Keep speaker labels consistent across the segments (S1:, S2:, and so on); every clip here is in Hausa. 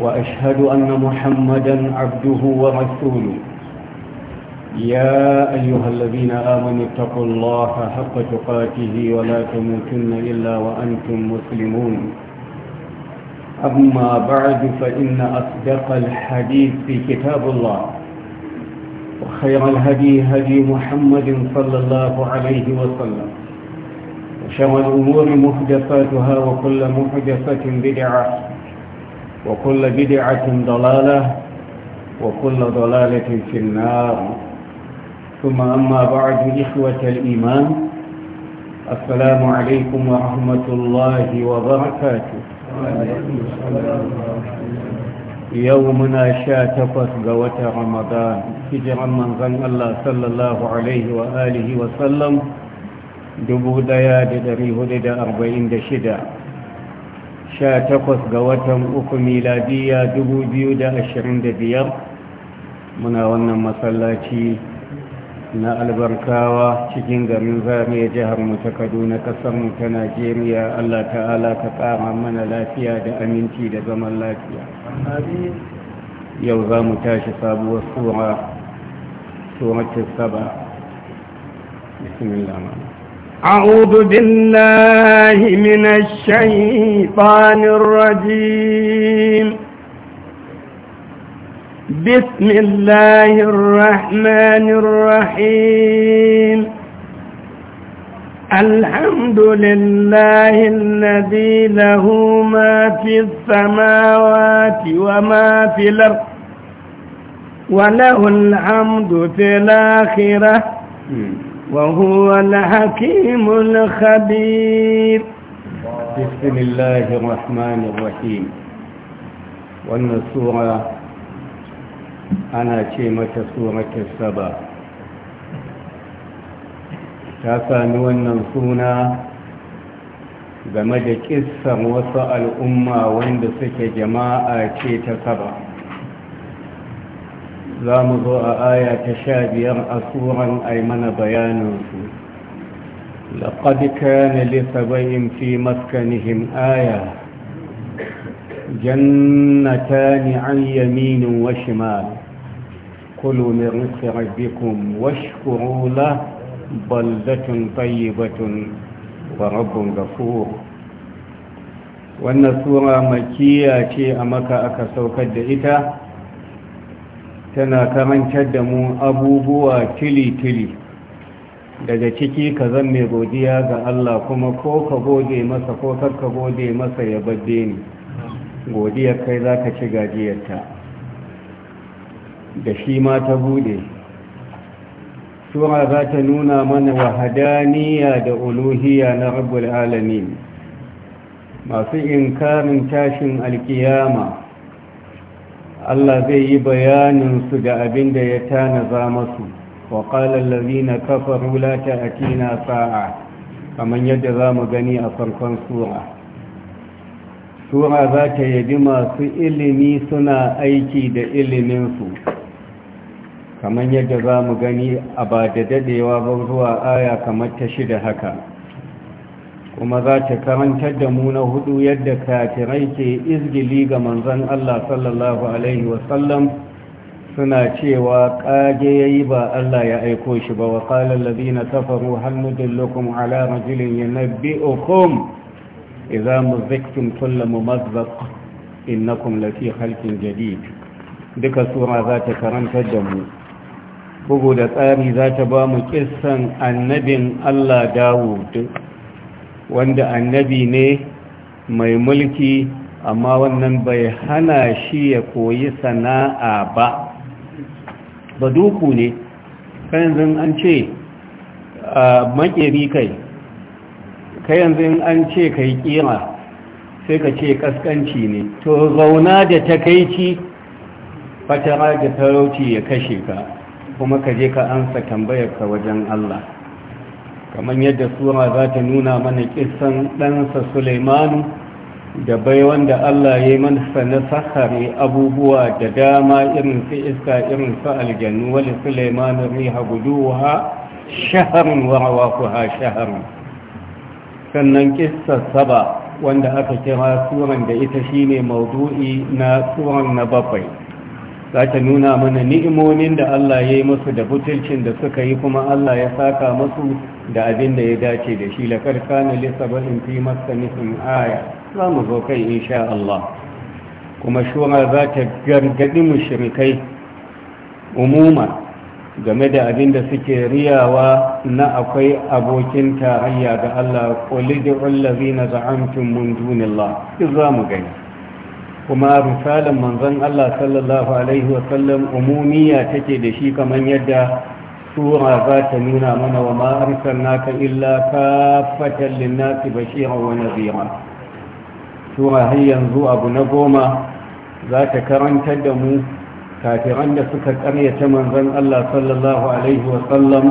S1: وأشهد أن محمدا عبده ورسوله يا أيها الذين آمنوا اتقوا الله حق تقاته ولا تموتن إلا وأنتم مسلمون أما بعد فإن أصدق الحديث في كتاب الله وخير الهدي هدي محمد صلى الله عليه وسلم وشر الأمور محدثاتها وكل محدثة بدعة وكل بدعة ضلالة وكل ضلالة في النار ثم أما بعد إخوة الإيمان السلام عليكم ورحمة الله وبركاته يومنا شاتفت قوة رمضان هجرا من ظن الله صلى الله عليه وآله وسلم دبو دياد دريه لدى أربعين دشدا sha takwas ga watan uku miladiya dubu biyu da ashirin da biyar muna wannan masallaci na albarkawa cikin garin Zariya jihar mu ta kaduna kasar mu ta najeriya allah ta'ala ka kama mana lafiya da aminci da zaman lafiya yau za mu tashi
S2: sabuwar sura suratul saba bismillah أعوذ بالله من الشيطان الرجيم بسم الله الرحمن الرحيم الحمد لله الذي له ما في السماوات وما في الأرض وله الحمد في الآخرة وهو الحكيم الخبير
S1: بسم الله الرحمن الرحيم wannan sura ana ce mata suratul saba ta sami wannan suna game da ƙisar wasu al'umma wanda suke jama'a ce ta saba za mu zo a aya ta sha biyar a tsoron aimana bayaninsu laƙad kana lissabayin fi maskanihim aya jannatani an yaminin wa shimal كلوا من رزق ربكم واشكروا له بلدة طيبة ورب wannan sura makiya ce a maka aka saukar da ita tana karantar da mu abubuwa tili-tili daga ciki ka zan mai godiya ga Allah kuma ko ka gode masa ko ka gode masa ya badde ni godiyar kai za ka ci gajiyarta da shi ma ta bude Tura za ta nuna mana wahadaniya da uluhiya na rabbul alamin masu inkarin tashin alkiyama Allah zai yi bayaninsu su da abin da ya za masu wa na kafa kafaru la sa'a kamar yadda za mu gani a farkon sura sura za ta yabi masu ilimi suna aiki da iliminsu kamar yadda za mu gani a ba da dadewa ba zuwa aya kamar ta shida haka kuma za ta karantar da mu na hudu yadda kafirai ke izgili ga manzon Allah sallallahu alaihi wasallam suna cewa kage yayi ba Allah ya aiko shi ba wa qala allazina kafaru hal nudillukum ala rajulin yanabbi'ukum idza muzaktum kullu mumazzaq innakum lafi halkin jadid duka sura za ta karantar da mu bugu da tsari za ta ba mu kissan annabin Allah Dawud wanda annabi ne mai mulki amma wannan bai hana shi ya koyi sana'a ba ba duku ne yanzu an ce a makeri kai yanzu an ce kai kira sai ka ce kaskanci ne to zauna da takaici fatara da tarauci ya kashe ka kuma ka je ka ansa tambayarka wajen Allah kamar yadda sura za ta nuna mana kisan ɗansa suleimanu da bai wanda allah ya yi mansa na sahari abubuwa da dama irin su iska irin su aljannu wani suleimanu riha guduwa shaharin warawa ha shaharin sannan kisa saba wanda aka kira suran da ita shine maudu'i na suran na bakwai za ta nuna mana ni'imomin da Allah ya yi musu da butulcin da suka yi kuma Allah ya saka masu da abin da ya dace da shi laƙar kanin lissabarin fi nufin? aya za mu zo kai insha Allah kuma shura za ta gargaɗi shirikai. umuma game da abin da suke riyawa na akwai abokin tarayya ga Allah ƙulidin allazi na za'amtun mun dunillah za mu gani kuma misalin manzon Allah sallallahu alaihi wasallam umumiya take da shi kamar yadda tura za ta nuna mana wa ma naka illa kafatan linnasi bashiran wani nadhira Tura har yanzu abu na goma za ta karantar da mu kafiran da suka karyata manzon Allah sallallahu alaihi wasallam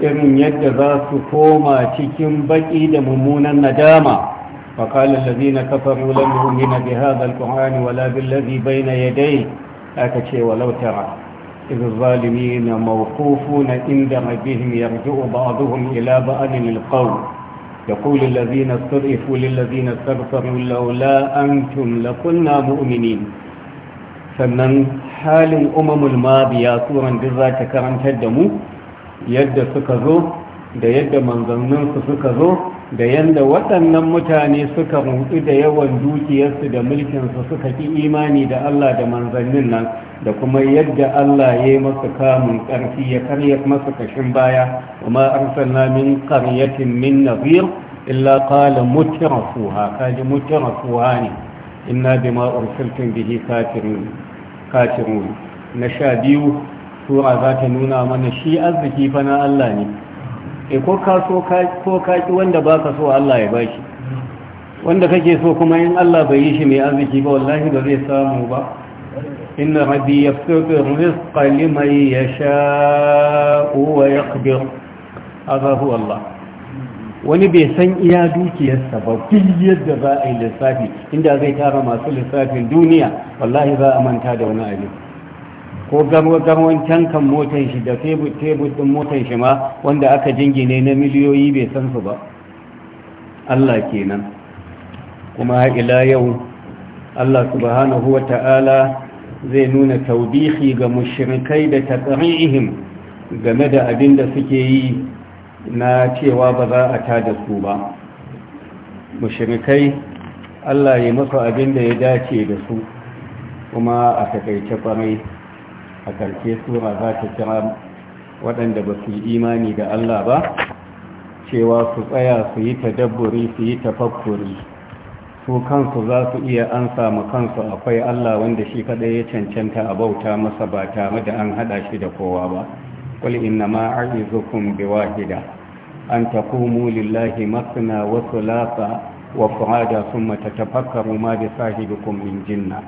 S1: irin yadda za su koma cikin baki da mummunan nadama وقال الذين كفروا لن نؤمن بهذا القرآن ولا بالذي بين يديه أكتشي ولو ترى
S3: إذ الظالمين موقوفون عند ربهم يرجع بعضهم إلى بعض القول يقول الذين استضعفوا للذين استغفروا لولا
S1: أنتم لكنا مؤمنين sannan halin umamul mabiya suran duk za ta karantar da mu yadda suka zo da yadda manzanninsu suka zo da yadda waɗannan mutane suka rutsu da yawan dukiyarsu da mulkinsu suka ƙi imani da Allah da manzannin nan da kuma yadda Allah ya yi masu kamun ƙarfi ya karya masu kashin baya kuma arsalna min qaryatin min nadhir illa qala mutrafuha kaji mutrafuha ne inna bima ursiltum bihi kafirun na sha biyu sura za ta nuna mana shi arziki fa na Allah ne e ko ka so ko ka ki wanda baka so Allah ya bashi wanda kake so kuma in Allah bai yi shi mai arziki ba wallahi ba zai samu ba inna rabbi yafsutu rizqa liman yasha'u wa yaqdir haka huwa Allah wani bai san iya dukiyarsa ba biyar da za a yi lissafi inda zai tara masu lissafin duniya wallahi za a manta da wani abin ko wancan kan motan shi da tebur din motan shi ma wanda aka jingine na miliyoyi bai san su ba Allah kenan kuma ila yau Allah subhanahu wa ta'ala zai nuna taubihi ga mushrikai da taqrihim game da abin da suke yi na cewa ba za a tada su ba mushrikai Allah ya masa abin da ya dace da su kuma a takaice kwarai a ƙarshe sura za ta kira waɗanda ba su yi imani da Allah ba cewa su tsaya su yi dabburi, su yi tafakkuri su kansu za su iya an samu kansu akwai Allah wanda shi kaɗai ya cancanta a bauta masa ba tare da an haɗa shi da kowa ba qul inna ma a'izukum biwahida an taqumu lillahi masna wa thulatha wa fu'ada thumma tatafakkaru ma bi sahibikum min jinnah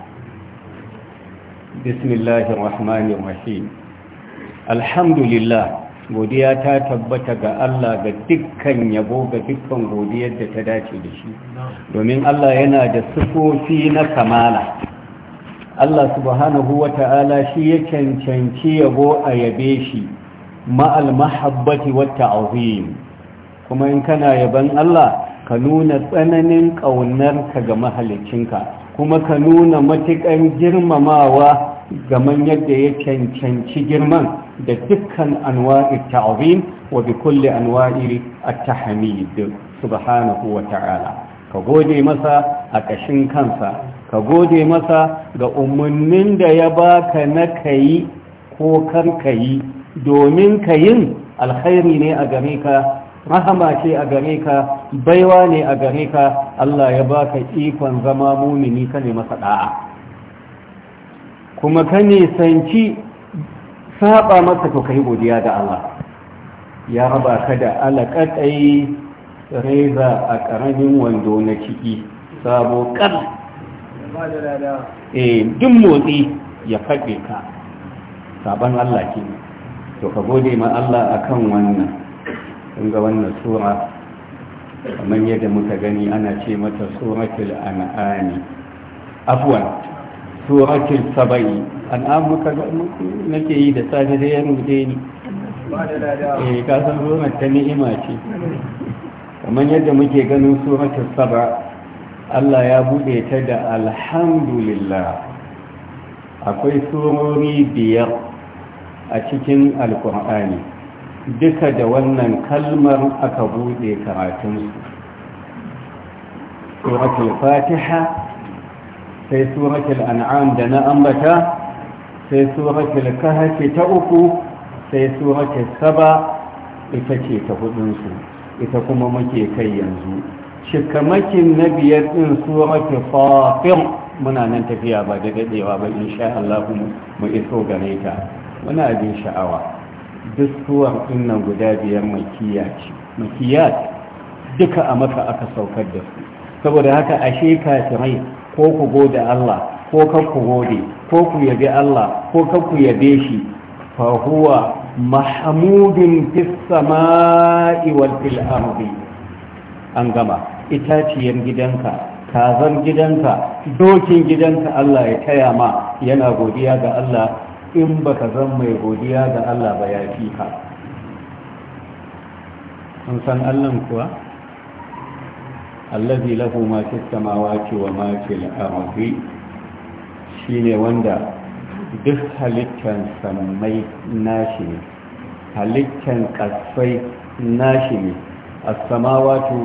S1: بسم الله الرحمن الرحيم الحمد لله godiya ta tabbata ga Allah ga dukkan yabo ga dukkan godiyar da ta dace da shi domin Allah yana da sufofi na kamala Allah subhanahu wa shi ya cancanci yabo a yabe shi ma'al mahabbati wata ta'zim kuma in kana yaban Allah ka nuna tsananin ƙaunarka ga mahalicinka kuma ka nuna matuƙan girmamawa gaman yadda ya cancanci girman da dukkan anwa'i ta'zim wa bi kulli anwa'i at-tahmid subhanahu wa ta'ala ka gode masa a ƙashin kansa ka gode masa ga umarnin da ya baka na yi ko kan kayi domin kayin alkhairi ne a gare ka rahama ce a gare ka baiwa ne a gare ka Allah ya baka ikon zama mumini ka ne masa da'a kuma ka ne sanci saba masa to kai godiya da Allah ya raba ka da alaƙaƙai reza a ƙaramin wando na ciki sabo kan eh duk motsi ya faɗe ka saban Allah ke to ka gode ma Allah akan wannan kun ga wannan sura kamar yadda muka gani ana ce mata suratul an'ami afwan suratul sabai an'am muka ga nake yi da safe da yaro da ni
S3: eh ka san surar ta ni'ima
S1: ce kamar yadda muke ganin suratul saba Allah ya bude ta da alhamdulillah akwai surori biyar a cikin alkur'ani duka da wannan kalmar aka buɗe karatunsu suratul fatiha sai suratul an'am da na ambata sai suratul kahfi ta uku sai suratul saba ita ce ta hudunsu ita kuma muke kai yanzu shikamakin na biyar ɗin suratul fatir muna nan tafiya ba da daɗewa ba insha Allah mu iso gare ta muna bin sha'awa duk suwar innan guda biyar makiyat duka a maka aka saukar da su saboda haka ashe kafirai ko ku gode Allah ko kan ku gode ko ku yabe Allah ko kan ku yabe shi fa huwa mahmudun fis sama'i wal fil ardi an gama itaciyar gidanka kazan gidanka dokin gidanka Allah ya taya ma yana godiya ga Allah in ka zan mai godiya ga Allah ba ya fi ka sun san Allah kuwa allazi lahu ma fis samawati wa ma fil shi ne wanda duk halittar samai nashi ne halittan kasai nashi ne as-samawati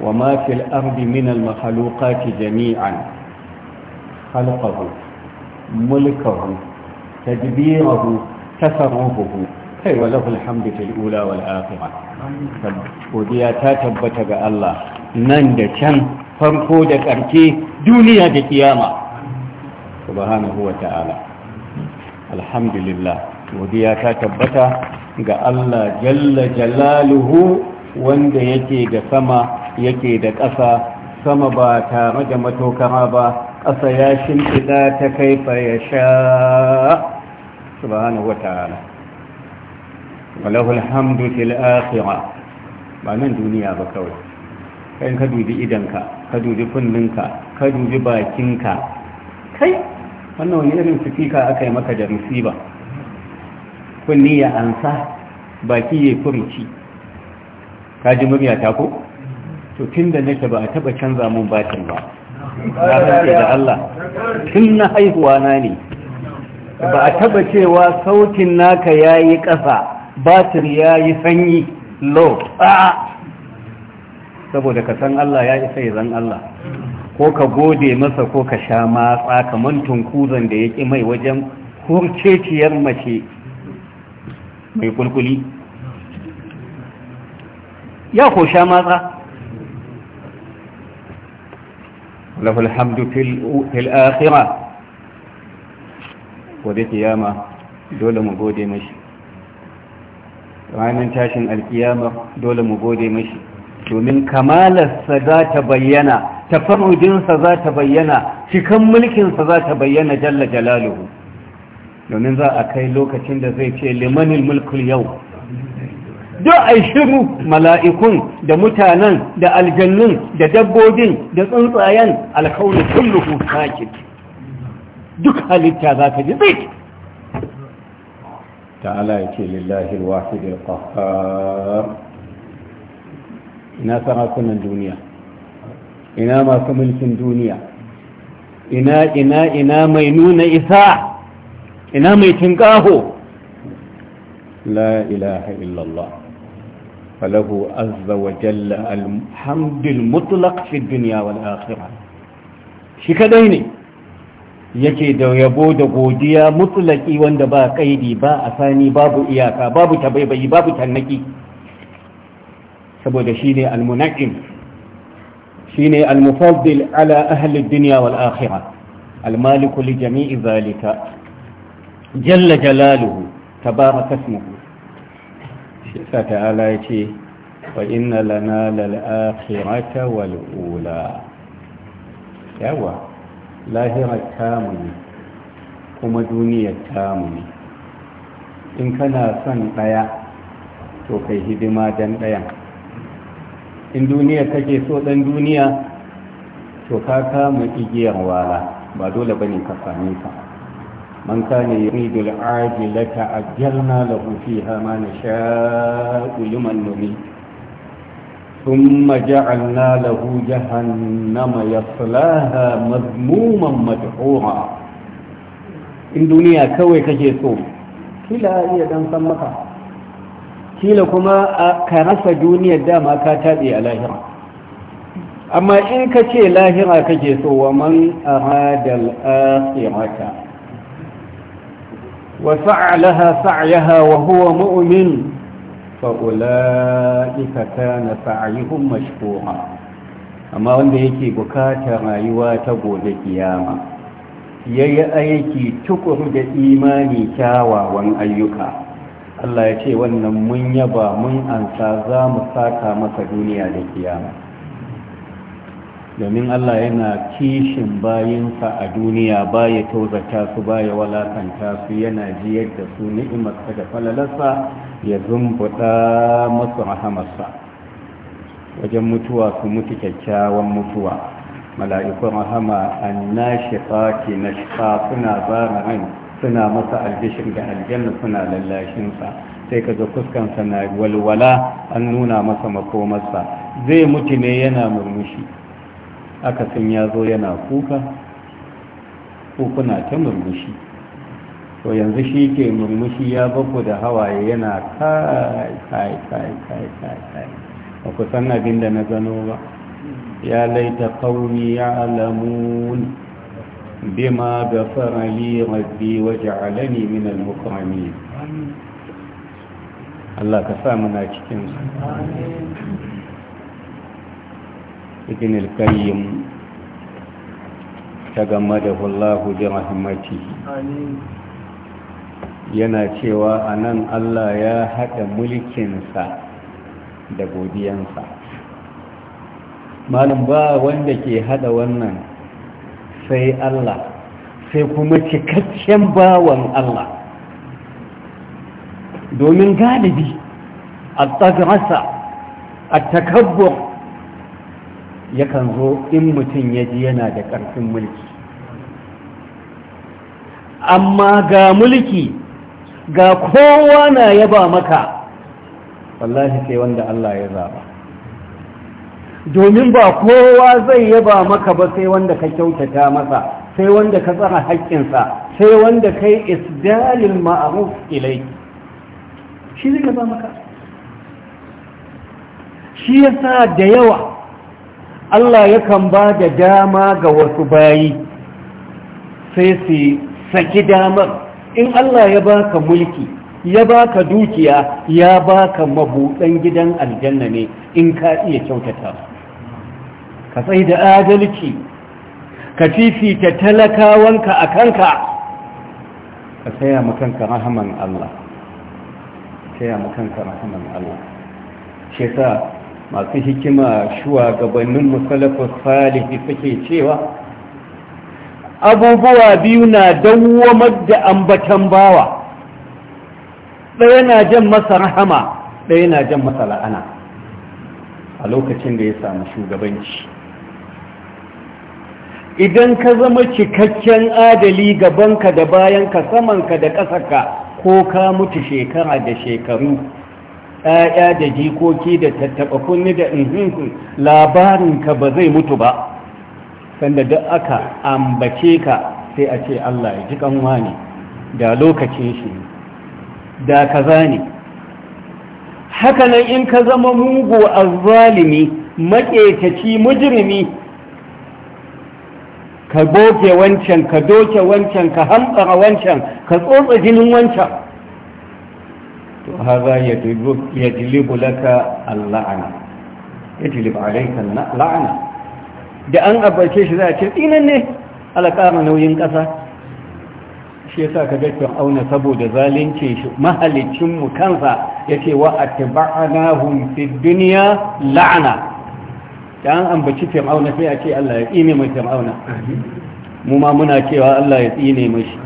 S1: wa ma fil ardi min al-makhluqati jami'an khalqahu mulkahu تدبيره تصرفه kai wa lahul hamdu fil ula wal akhirah godiya ta tabbata ga Allah nan da can farko da karke duniya da kiyama subhanahu wa ta'ala alhamdulillah godiya ta tabbata ga Allah jalla jalaluhu wanda yake da sama yake da ƙasa sama ba tare da matokara ba ƙasa ya shimfiɗa ta kai fa ya sha subhanahu wa ta'ala walahul hamdu fil akhirah ba nan duniya ba kawai kai ka dubi idanka ka dubi kunninka ka dubi bakinka kai wannan wani irin sifika aka yi maka da musiba kunni ya ansa baki ya furici ka ji murya ta ko to tunda nake ba a taba canza mun bakin ba na da Allah tun na haihuwa na ne ba a taba cewa sautin naka ya yi ƙasa batir yi sanyi lo. a saboda ka san Allah ya isa zan Allah ko ka gode masa ko ka sha matsa kamar tunkuzan da ya ƙi mai wajen kurceciyar mace mai kulkuli ya ko sha matsa له الحمد في الآخرة gobe kiyama dole mu gode mashi ranar tashin alkiyama dole mu gode mashi domin kamalarsa za ta bayyana tafarujinsa za ta bayyana cikan mulkinsa za ta bayyana jalla jalaluhu domin za a kai lokacin da zai ce limanin mulkul yau duk a shiru mala'ikun da mutanen da aljannun da dabbobin da tsuntsayen alkaunin kulluhu دكها هل تاباك تعالى يكي لله الواحد القهار إنا سراكم من دونيا إنا ما كملت من دونيا إنا إنا إنا مينون إساع إنا ميتنقاه لا إله إلا الله فله أز وجل الحمد المطلق في الدنيا والآخرة شكا ديني yake da yabo da godiya mutlaki wanda ba kaidi ba sani babu iyaka babu tabaibayi babu tannaki saboda shine almunaqim shine almufaddil ala ahli ad-dunya wal akhirah المالك لجميع ذلك جل جلاله تبارك اسمه شفا تعالى يتي وإن لنا للآخرة والأولى يوه lahirar tamu ne kuma duniyar ta muni. in kana son ɗaya to kai hidima dan ɗayan in duniya kake so ɗan duniya to ka kama igiyar wala ba dole bane ka same ka man kana yuridu al-ajilata ajjalna lahu fiha ma nasha'u liman nurid ثم جعلنا له جهنم يصلاها مذموما مدحورا in duniya kawai kake so kila iya dan san maka kila kuma ka rasa duniya dama ka taɓe a lahira amma in ka ce lahira kake so wa man aradal akhirata wa sa'alaha sa'yaha wa huwa mu'min fa'ula'ika kana sa'ayihun mashkura amma wanda yake bukatar rayuwa ta gobe kiyama ya yi aiki tukuru da imani kyawawan ayyuka Allah ya ce wannan mun yaba mun ansa za mu saka masa duniya da kiyama domin Allah yana kishin bayinsa a duniya baya tauzata su baya walakanta su yana jiyar da su ni'imarsa da falalarsa ya zumbuɗa masu rahamarsa wajen mutuwa su mutu kyakkyawan mutuwa mala'ikun rahama an na shiƙaƙi na shifa suna zara ran suna masa albishin da aljanna suna lallashinsa sai ka zo fuskansa na walwala an nuna masa makomarsa zai mutu ne yana murmushi akasin ya zo yana kuka ko kuna ta murmushi to yanzu shi ke murmushi ya baku da hawaye yana kai kai kai kai kai kai ba ku san abin da na gano ba ya laita kauni ya alamun bima gafara li rabbi wa ja'alani min al Allah ka sa muna cikin su ibn al-qayyim tagammadahu Allah bi rahmatihi
S3: amin
S1: yana cewa a nan Allah ya haɗa mulkinsa da godiyansa malum ba wanda ke haɗa wannan sai Allah sai kuma cikakken bawan Allah domin galibi a tsagarsa a takabbur yakan zo in mutum ya ji yana da ƙarfin mulki amma ga mulki ga kowa na yaba maka wallahi sai wanda Allah ya zaba domin ba kowa zai yaba maka ba sai wanda ka kyautata masa sai wanda ka tsara haƙƙinsa sai wanda ka yi isdalin ma'aruf ilai
S2: shi zai yaba maka
S1: shi yasa da yawa Allah yakan ba da dama ga wasu bayi sai su saki damar in Allah ya baka mulki ya baka dukiya ya baka mabuɗan gidan aljanna ne in ka iya kyautata ka tsaye da adalci ka fifita talakawanka a kanka ka tsaya makanka rahaman Allah tsaya makanka rahaman Allah shi sa masu hikima shugabannin musalafin salihi suke cewa abubuwa biyu na dawwamar da ambatan bawa ɗaya na jan masa rahama ɗaya na jan masa la'ana a lokacin da ya samu shugabanci idan ka zama cikakken adali gabanka da bayanka samanka da ka ko ka mutu shekara da shekaru ɗaya da jikoki da tattaɓa kunni da labarinka ba zai mutu ba sanda duk aka ambace ka sai a ce Allah ya ji kanwa ne da lokacin shi da kaza ne hakanan in ka zama mugu a azzalimi maƙetaci mujrimi ka goge wancan ka doke wancan ka hamɓara wancan ka tsotsa jinin wancan to haza ya jilibu laka laana ya jilibu alaika la'ana da an abarce shi za a ce tsinan ne alƙama nauyin ƙasa shi ya sa ka ga fir'auna saboda zalunce shi mahalicinmu kansa ya ce wa a taba'anahum duniya la'ana da an ambaci auna sai a ce Allah ya tsine mai fir'auna mu ma muna cewa Allah ya tsine mashi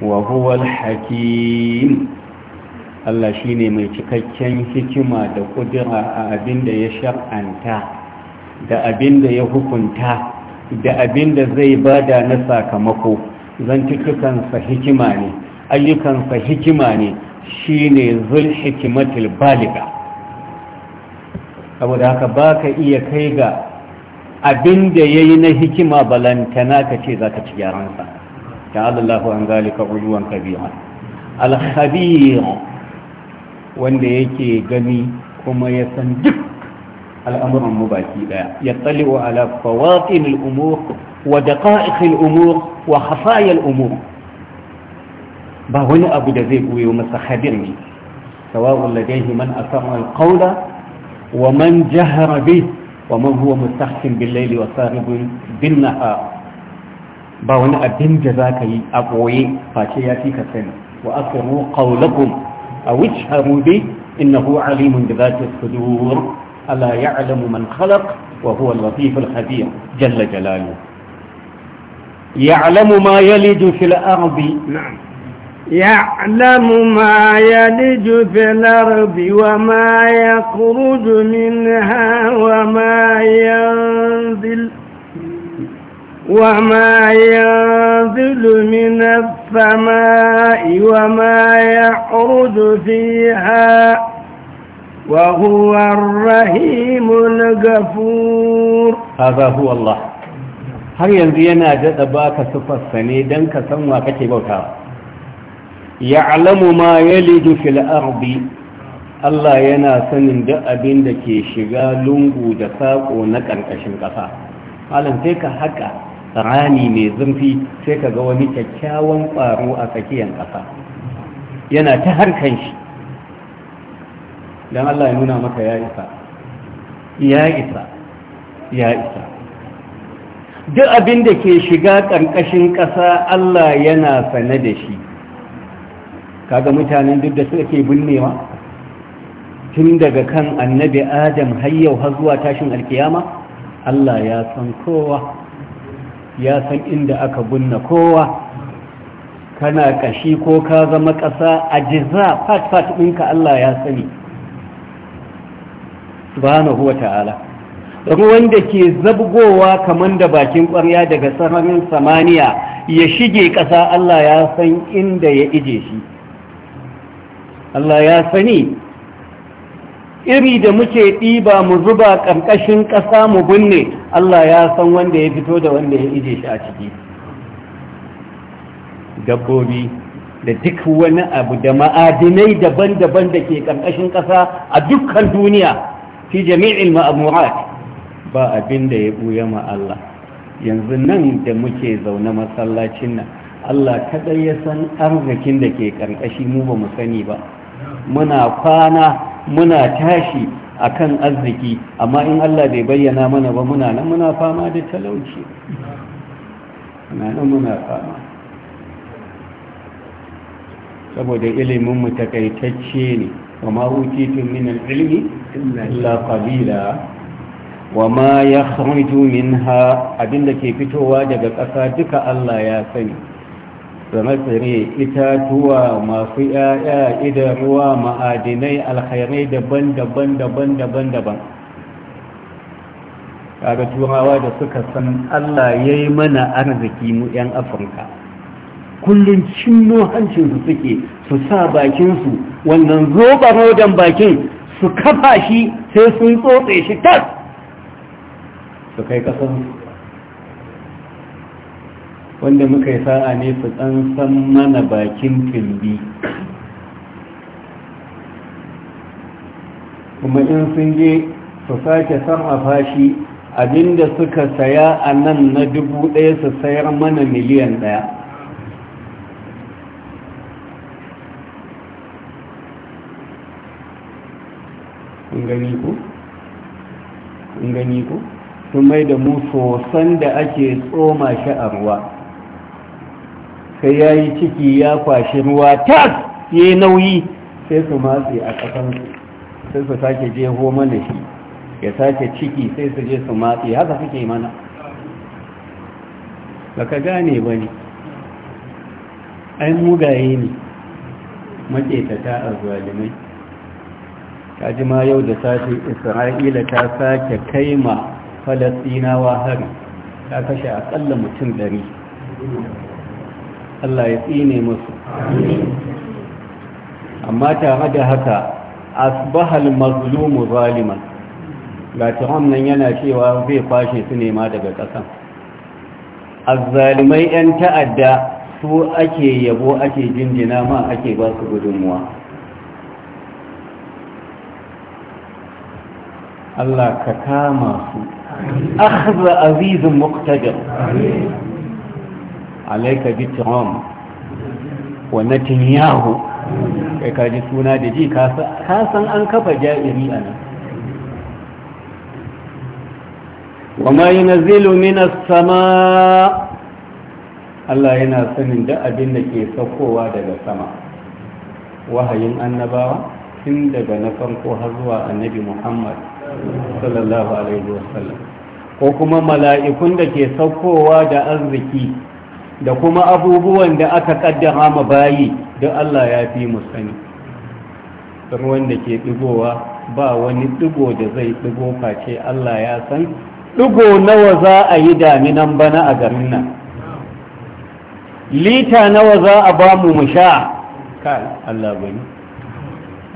S1: wa huwa hakim Allah shine mai cikakken hikima da kudura a abin da ya shar'anta da abin da ya hukunta da abin da zai bada na sakamako zantukansa hikima ne ayyukansa hikima ne shine zul hikimatul baliga saboda haka baka iya kai ga abin da yayi na hikima balantana za zaka ci yaransa ta Allahu an zalika uluwan kabira al khabir wanda yake gani kuma ya san duk الأمر المباكي يطلع على فواطن الأمور ودقائق الأمور وخفايا الأمور بهن أبو دزيب ويوم خبرني سواء لديه من أثر القول ومن جهر به ومن هو مستخدم بالليل وصارب بالنهار بهن أبن جزاك أبوي فاشياتي كسن وأثروا قولكم أو اشهروا به إنه عليم بذات الصدور ألا يعلم من خلق وهو اللطيف الخبير جل جلاله يعلم ما يلج في الأرض نعم
S2: يعلم ما يلج في الأرض وما يخرج منها وما ينزل وما ينزل من السماء وما يعرج فيها وهو الرحيم الغفور
S1: هذا هو الله har yanzu yana daɗa baka sufarsa ne don ka san wa kake bauta ya alamu ma ya liju Allah yana sanin duk abin da ke shiga lungu da saƙo na ƙarƙashin ƙasa malam sai ka haƙa rani mai zurfi sai ka ga wani kyakkyawan ƙwaro a tsakiyar ƙasa yana ta harkan shi don Allah ya nuna maka ya isa ya isa ya isa duk abin da ke shiga ƙarƙashin ƙasa Allah yana sane da shi kaga mutanen duk da suke binnewa tun daga kan annabi adam har yau har zuwa tashin alkiyama Allah ya san kowa ya san inda aka binne kowa kana kashi ko ka zama ƙasa a jiza fat-fat ɗinka Allah ya sani subhanahu wa ta'ala ruwan da ke zabgowa kamar da bakin ƙwarya daga sararin samaniya ya shige ƙasa Allah ya san inda ya ije shi Allah ya sani iri da muke ɗiba mu zuba ƙarƙashin ƙasa mu binne Allah ya san wanda ya fito da wanda ya ije shi a ciki dabbobi da duk wani abu da ma'adinai daban-daban da ke ƙarƙashin ƙasa a dukkan duniya fi jami'il ma'amurat ba abin da ya buya ma Allah yanzu nan da muke zaune masallacin nan Allah kadai ya san arzikin da ke karkashi mu ba mu sani ba muna kwana muna tashi akan arziki amma in Allah bai bayyana mana ba muna nan muna fama da talauci muna nan muna fama saboda ilimin mu takaitacce ne وما أوتيتم من العلم إلا قليلا وما يخرج منها أبن لكي فتوى جدك أسادك ألا يا سني sanasare itatuwa masu ‘ya'ya idan ma'adinai alkhairai daban-daban daban-daban daban kaga turawa da suka san allah ya yi mana arziki mu ‘yan afirka
S3: kullum cinno
S1: hancinsu suke su sa bakinsu wannan zoba rodan bakin su
S2: kafa shi sai sun tsotse shi tas
S1: su kai kasan wanda muka yi sa'a ne su san mana bakin filbi kuma in sun je su sake sarrafa shi abinda suka saya a nan na dubu ɗaya su sayar mana miliyan ɗaya gani ku kun gani ku sun mai da mu sosan da ake tsoma shi a ruwa sai ya yi ciki ya kwashi ruwa tas ya yi nauyi sai su matse a ƙasansu sai su sake jeho mana shi ya sake ciki sai su je su matse haka suke mana ba ka gane ba ne ai mugaye ne maƙetata a zuwa zalimai kaji ma yau da safe isra'ila ta sake kai ma falasinawa hari ta kashe akalla mutum dari. allah ya tsine musu
S3: amma tare da haka
S1: asbahal mazlumu zaliman ga tiram nan yana cewa zai kwashe su nema daga ƙasan azzalimai 'yan ta'adda su ake yabo ake jinjina ma ake ba su gudunmuwa Allah ka kama su akhza azizun muqtadir alayka bi tiram wa natinyahu kai ka ji suna da ji ka san an kafa ja'iri a nan wa ma yunzilu minas sama Allah yana sanin da abin da ke saukowa daga sama wahayin annabawa tun daga na farko har zuwa annabi Muhammad sallallahu alaihi wasallam ko kuma mala'ikun da ke saukowa da arziki da kuma abubuwan da aka kaddara ma bayi da Allah ya fi mu sani ruwan da ke digowa ba wani digo da zai digo face Allah ya san digo nawa za a yi daminan bana a garin nan lita nawa za a ba mu sha kai Allah gani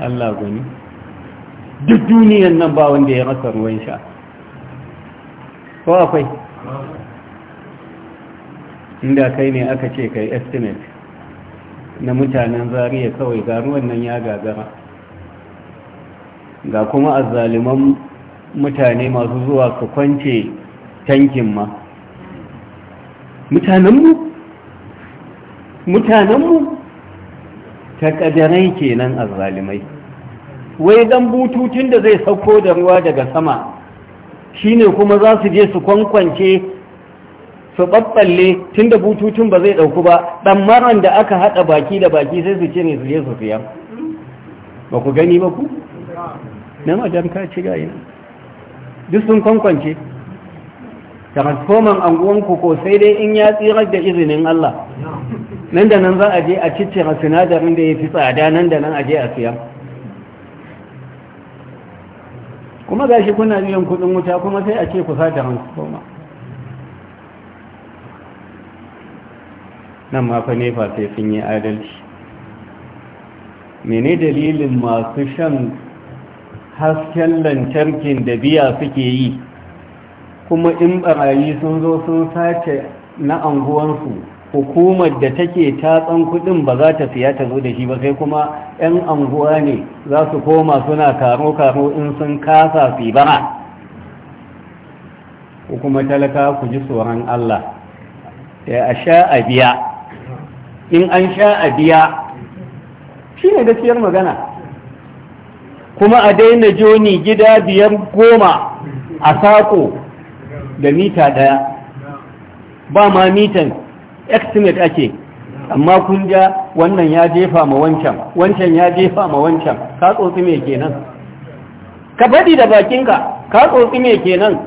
S1: Allah gani duk duniyan nan ba wanda ya rasa ruwan sha ko akwai inda kai ne aka ce kai estimate na mutanen zariya kawai ga ruwan nan ya gagara ga kuma azzaliman mutane masu zuwa su kwance tankin ma mutanenmu mutanenmu ta ƙadarai kenan azzalimai wai dan bututun da zai sauko da ruwa daga sama shine kuma za su je su kwankwance su ɓaɓɓalle tun da bututun ba zai ɗauku ba ɗan maran da aka haɗa baki da baki sai su cire su je su fiya ba ku gani ba ku? na madam ka ci gayi nan duk sun kwankwance transforman anguwanku ko sai dai in ya tsirar da izinin Allah nan da nan za a je a ciccira sinadarin da ya fi tsada nan da nan a je a siyar. kuma gashi kuna biyan kudin wuta kuma sai a ce ku sata hanku koma nan ma fa nefa sai sun yi adalci mene dalilin masu shan hasken lantarkin da biya suke yi kuma in barayi sun zo sun sace na anguwansu hukumar da take tatsan kudin ba za ta siya ta zo da shi ba sai kuma 'yan anguwa ne za su koma suna karo-karo in sun kasa fi bara kuma talaka ku ji tsoron Allah ya eh, a sha a biya in an sha a biya shi ne gaskiyar magana kuma a daina joni gida biyar goma a sako da mita daya ba ma mitan estimate ake amma kun ja wannan ya jefa ma wancan wancan ya jefa ma wancan ka tsotsi me kenan ka faɗi da bakinka ka tsotsi me kenan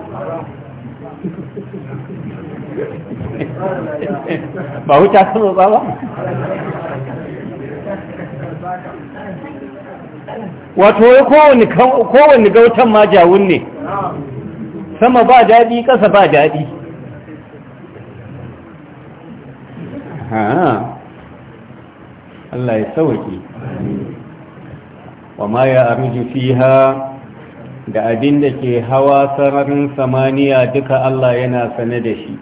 S3: ba wuta sun tsotsa ba wato ya
S1: kowane gautan ma jawun ne sama ba daɗi ƙasa ba daɗi ha Allah ya sauki wa ma ya arju fiha da abin da ke hawa sararin samaniya duka Allah yana sane da shi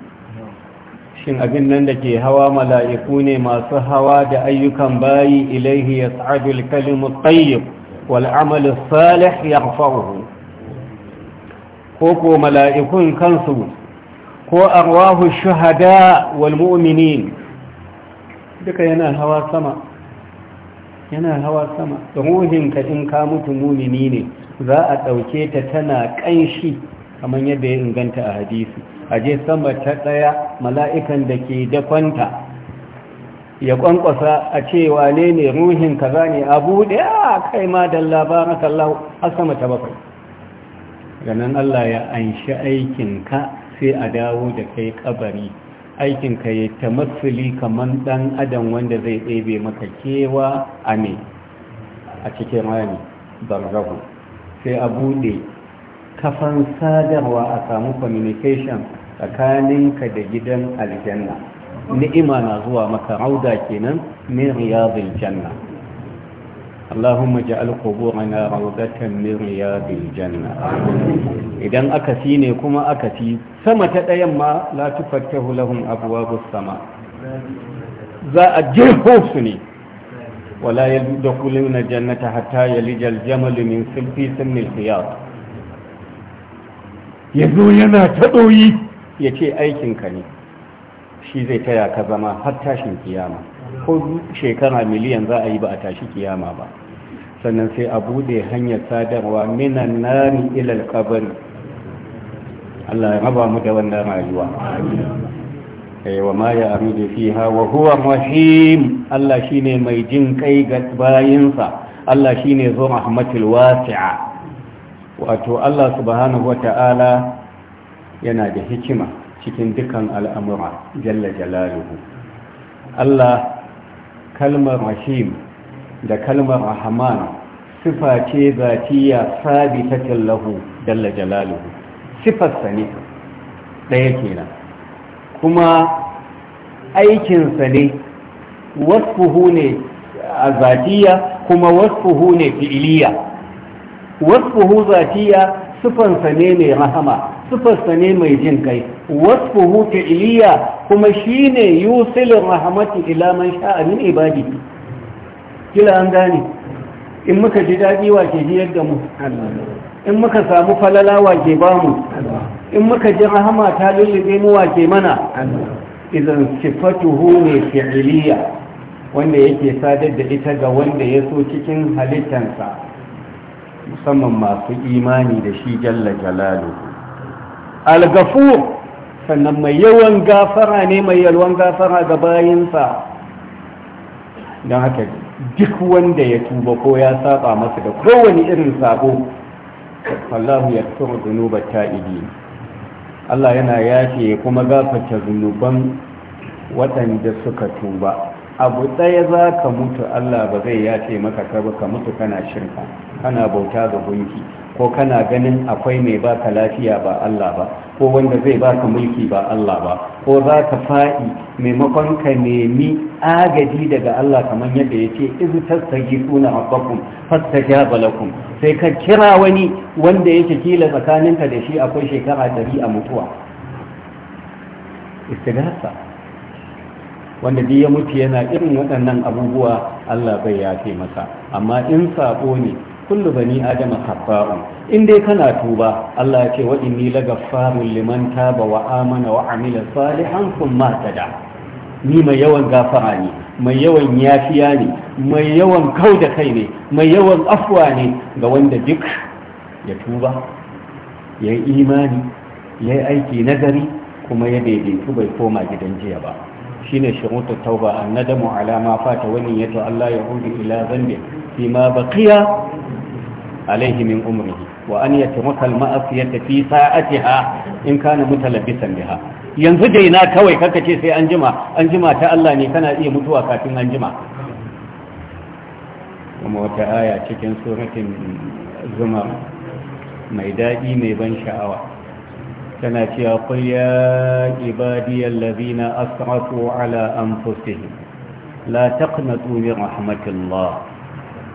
S1: shin abin nan da ke hawa mala'iku ne masu hawa da ayyukan bayi ilaihi ya sa'adul kalimu tsayyib wal'amal salih ya faru ko ko mala'ikun kansu ko arwahu shuhada wal mu'minin duka yana hawa sama yana hawa sama ruhinka in ka mutu mumini ne za a ɗauke ta tana ƙanshi kamar yadda ya inganta a hadisi a je sama ta ɗaya mala'ikan da ke dakwanta ya ƙwanƙwasa a cewa ne ne ruhin za ne a buɗe a kai ma da labarar kallon. a sama ta bakwai ganin Allah ya anshi aikinka sai a dawo da kai kabari aikinka ya tamassuli kamar ɗan adam wanda zai ɗebe maka kewa a ne a cikin rani, barzahu sai a buɗe kafan sadarwa a samu communication tsakaninka da gidan aljanna ni'ima na zuwa maka rauda kenan min riyadul jannah اللهم اجعل قبورنا روضة من رياض الجنة إذن أكسيني كما أكسي سمة أيما لا تفتح لهم أبواب السماء ذا أجرهوسني ولا يدخلون الجنة حتى يلج الجمل من سلفي سن الخياط يزو ينا تدوي يتي أيكن كني shi zai taya ka zama har tashin kiyama ko shekara miliyan za a yi ba a tashi kiyama ba sannan sai a bude hanyar sadarwa minan nari ilal kabari Allah ya raba mu da wannan rayuwa eh wa ma ya amidu fiha wa huwa rahim Allah shine mai jin kai ga bayinsa Allah shine zo rahmatul wasi'a wato Allah subhanahu wata'ala yana da hikima cikin dukan al'amura jalla jalaluhu Allah kalmar rahim da kalmar rahman sifa ce zatiya sabitatin lahu dalla jalaluhu sifarsa ne ɗaya kenan kuma aikinsa ne wasfuhu ne a zatiya kuma wasfuhu ne fi'iliya wasfuhu zatiya sifarsa ne mai rahama sifarsa ne mai jin kai wasfuhu fi'iliya kuma shine yusilin rahmatu ila man Sha'anin Ibadi. kila an gane in muka ji daɗi wa ke jiyar da mu in muka samu falala wa ke ba mu in muka ji rahama ta lullube mu wa ke mana idan sifatuhu ne fi'iliya wanda yake sadar da ita ga wanda ya so cikin halittansa musamman masu imani da shi jalla jalalu al-ghafur sannan mai yawan gafara ne mai yalwan gafara ga bayinsa don haka duk wanda ya tuba ko ya saba masa da kowane irin sabo Allah ya tsoro zunuba idi Allah yana yafe kuma gafarta zunuban waɗanda suka tuba abu ɗaya za ka mutu Allah ba zai yafe maka ka ba ka mutu kana shirka kana bauta ga gunki ko kana ganin akwai mai baka lafiya ba Allah ba ko wanda zai baka mulki ba Allah ba ko za ka faɗi maimakon ka nemi agaji daga Allah kamar yadda ya ce izu tattagi suna rabbakum fastajaba balakun sai ka kira wani wanda yake kila tsakaninka da shi akwai shekara ɗari a mutuwa istigasa wanda duk ya mutu yana irin waɗannan abubuwa Allah bai yafe masa amma in saƙo ne kullu bani adama khata'un in dai kana tuba Allah ya ce wa inni lagaffarul liman taba wa amana wa amila salihan thumma tada ni mai yawan gafara ne mai yawan yafiya ne mai yawan kauda kai ne mai yawan afwa ne ga wanda duk ya tuba ya yi imani ya yi aiki nagari kuma ya daidaitu bai koma gidan jiya ba shine shirutu tauba annadamu ala ma fata wani yato Allah ya hudu ila zambi fi ma baqiya alaihi min umrihi wa an yatruka al-ma'siyata fi sa'atiha in kana mutalabbisan biha yanzu daina kawai kaka ce sai an jima ta Allah ne kana iya mutuwa kafin an jima kuma wata aya cikin suratin zuma mai daɗi mai ban sha'awa tana cewa qul ya ibadiyal ladina asrafu ala anfusihim la taqnatu min rahmatillah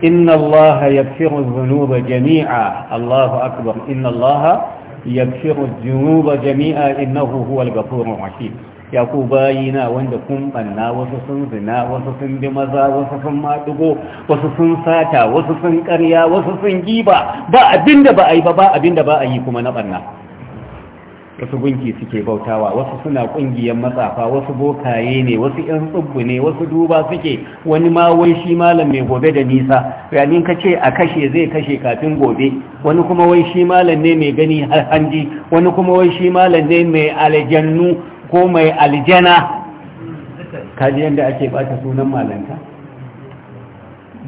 S1: ya إن الله يغفر الذنوب جميعا الله أكبر إن الله يغفر الذنوب جميعا إنه هو الغفور الرحيم ya ku bayina wanda kun banna wasu sun zina wasu sun bi maza wasu sun maɗigo wasu sun sata wasu sun karya, wasu sun giba ba abinda ba a yi ba ba abinda ba a yi kuma na banna wasu gunki suke bautawa wasu suna kungiyar matsafa wasu bokaye ne wasu yan tsubbu ne wasu duba suke wani ma wai shi malam mai gobe da nisa yanin ka ce a kashe zai kashe kafin gobe wani kuma wai shi malam ne mai gani hanji wani kuma wai shi malam ne mai aljannu ko mai aljana kaji yadda ake bata sunan malanta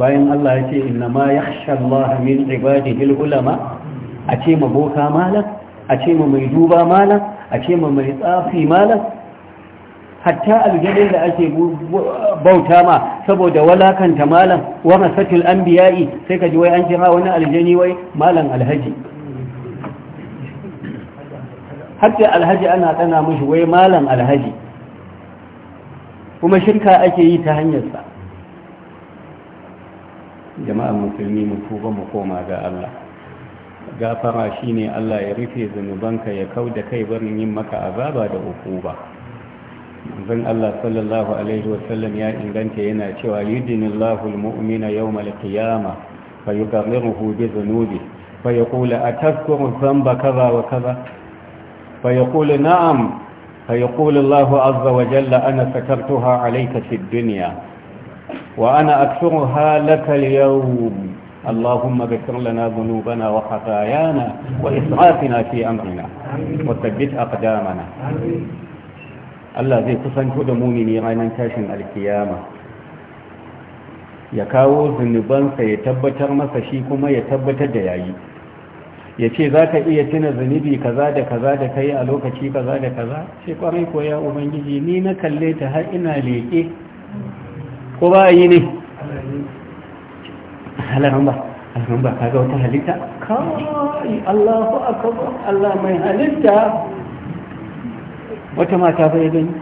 S1: bayan Allah ya ce inna ma yakhsha Allah min ibadihi al-ulama a ce maboka malam a ce ma mai duba malam a ce ma mai tsafi malam hatta aljanin da ake bauta ma saboda walakanta malam wa masatul anbiya'i sai ka ji wai an kira wani aljani wai malam alhaji hatta alhaji ana tsana mishi wai malam alhaji kuma shirka ake yi ta hanyarsa jama'an musulmi mu tuba mu koma ga Allah gafara shi ne Allah ya rufe zunubanka ya kauda kai barin yin maka azaba da hukuma Zan Allah sallallahu alaihi wasallam ya inganta yana cewa yudinillahu almu'mina yawmal qiyamah fayuqarriruhu bi dhunubi fayaqulu atazkuru dhanba kaza wa kaza fayaqulu na'am فيقول الله عز وجل أنا سكرتها عليك في الدنيا وأنا أكثرها لك اليوم اللهم ذكر لنا ذنوبنا وخطايانا وإسعافنا في أمرنا وثبت أقدامنا الله زي كسنك دمومني رانا تاشن ya kawo zunubansa ya tabbatar masa shi kuma ya tabbatar da yayi ya ce za ka iya tuna zunubi kaza da kaza da ka yi a lokaci kaza da kaza ce kwarai ko ya ubangiji ni na kalle ta har ina leƙe ko ba yi ne halaramba halaramba ka ga wata halitta
S3: kai
S1: allahu akbar allah mai halitta wata mata bai gani